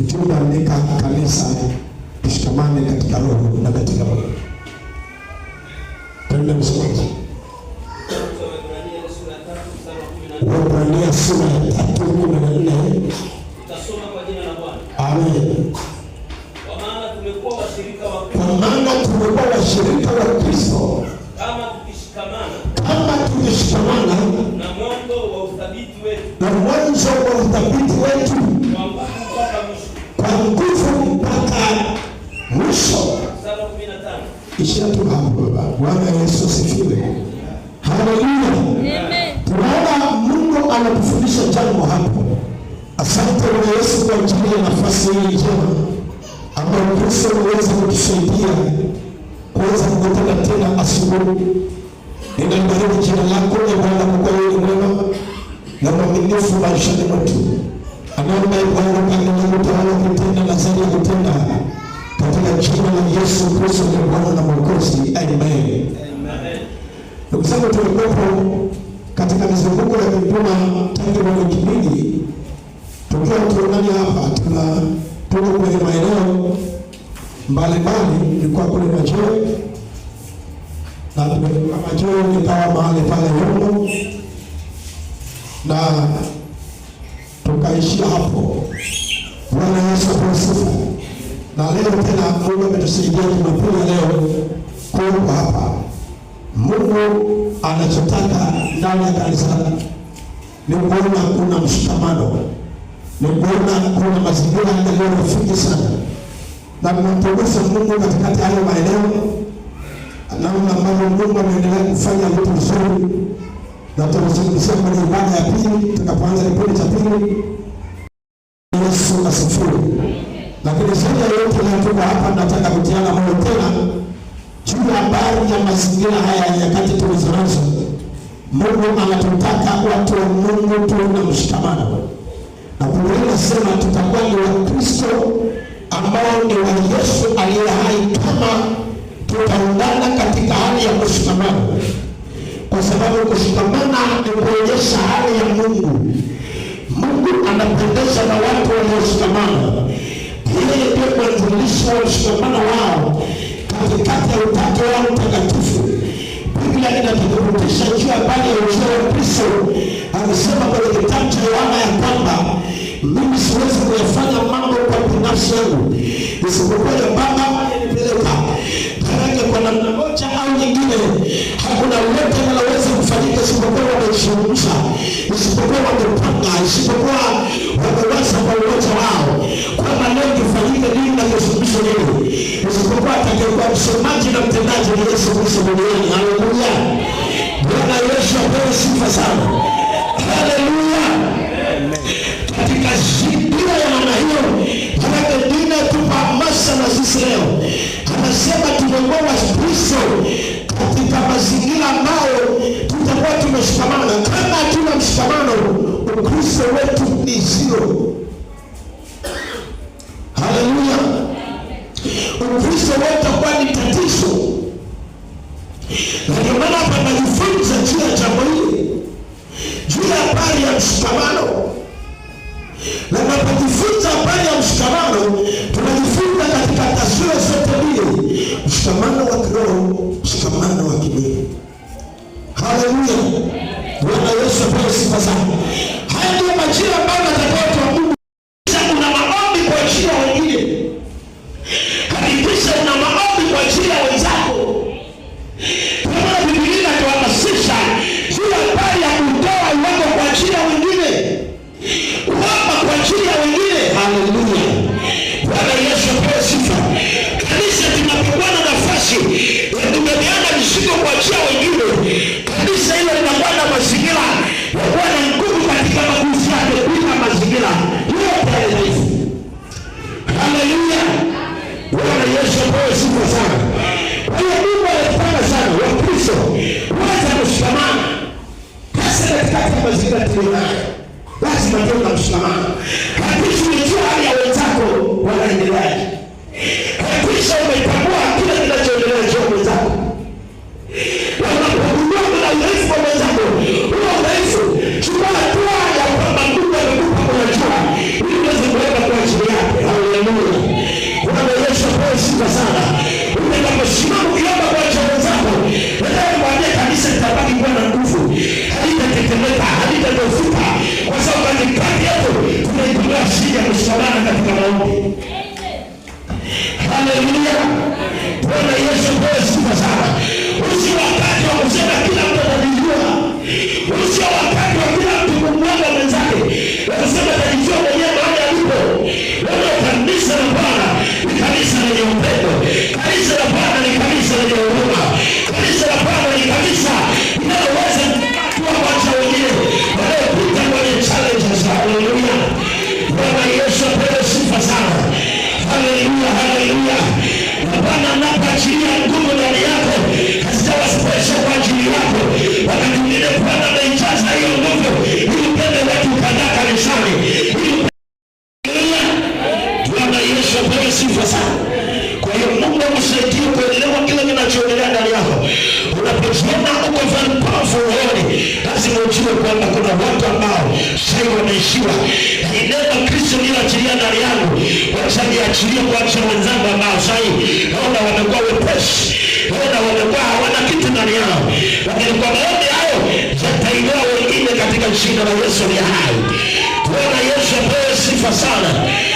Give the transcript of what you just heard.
Mitume aliandika kanisa ishikamane katika roho na katika Mungu. Twende msomaji. Waebrania sura ya tatu kumi na nne ishatu hapo baba. Bwana Yesu asifiwe, haleluya. Tunaona Mungu anatufundisha jambo hapo. Asante Bwana Yesu kwa ajili ya nafasi hii njema ambayo Kristo uweza kutusaidia kuweza kukutana tena asubuhi. Ninalibariki jina lako ya ee Bwana kwa kuwa wewe mwema na mwaminifu maishani mwetu, anaomba ee Bwana pale na utawala kutenda na zaidi ya kutenda jina la Yesu Kristo ni Bwana na Mwokozi. Amen. Ndugu zangu, tulikuwepo katika mizunguko ya vipuma takriban wiki mbili, tukiwa tuonani hapa tuna tuko kwenye maeneo mbalimbali, nilikuwa kule Majoe na tumefika Majoe, nikawa mahali pale Yombo na tukaishia hapo. Bwana Yesu asifiwe na leo tena Mungu ametusaidia Jumapili leo kuwa hapa. Mungu anachotaka ndani ya kanisa ni kuona kuna mshikamano, ni kuona kuna mazingira yaliyo rafiki sana, na mnamtukuza Mungu katikati ya hayo maeneo, namna ambavyo Mungu ameendelea kufanya vitu vizuri, na tunazungumzia kwenye ibada ya pili tutakapoanza kipindi cha pili. Yesu asifiwe. Lakini shida yote tuko hapa, nataka kutiana moyo tena juu ya habari ya mazingira haya ya nyakati tulizo Mungu anatutaka watu wa Mungu tuwe na mshikamano, na Biblia inasema tutakuwa ni Wakristo ambao ni wa Yesu aliye hai kama tutaungana katika hali ya kushikamana, kwa sababu kushikamana ni kuonyesha hali ya Mungu. Mungu anapendezwa na watu walioshikamana uwe uwatumishi wa mshikamano wao katikati ya utatu wao mtakatifu. Biblia inathibitisha juu habari ya ujio wa Kristo, amesema kwenye kitabu cha Yohana ya kwamba mimi siwezi kuyafanya mambo kwa binafsi yangu, isipokuwa ya Baba nileta karaka. Kwa namna moja au nyingine, hakuna lolote linaloweza kufanyika isipokuwa wamejishughulisha, isipokuwa wamepanga, isipokuwa wamewaza msomaji na mtendaji ni Yesu Kristo duniani. Haleluya! Bwana Yesu apewe sifa sana. Haleluya! Katika shida ya namna hiyo, yake dina tupa hamasa na sisi leo, anasema tumegoma Kristo katika mazingira ambayo tutakuwa tumeshikamana. Kama hatuna mshikamano, Ukristo wetu ni zero. mshikamano, tunajifunza katika taswira zote mbili, mshikamano wa kiroho, mshikamano wa kimwili. Haleluya, Bwana Yesu apewe sifa sana. Haya ndiyo majira ambayo nataka msamaha katika maombi. Haleluya! Bwana Yesu pewe sifa sana. Usio wakati wa kusema kila mtu atajijua, usio wakati wa kila mtu kumwaga mwenzake, wakasema atajijua mwenyewe Haleluya, haleluya. Na Bwana anapoachilia nguvu ndani yako hazitawasipesha kwa ajili yako. Wakati mwingine Bwana anaijaza hiyo nguvu ili upende watu kadhaa kanisani. Bwana Yesu apewe sifa sana. Kwa hiyo Mungu akusaidie kuelewa kile kinachoendelea ndani yako. Unapojiona uko mpamvu rohoni, lazima ujue kwamba kuna watu ambao sai wameishiwa. Ineno Kristo liyoachilia ndani yako niachilie kuacha wenzangu ambao sahihi naona wamekuwa wepesi, naona wamekuwa hawana kitu ndani yao, lakini kwa maombi hayo yatainua wengine katika jina la Yesu ni hai. Bwana Yesu apewe sifa sana.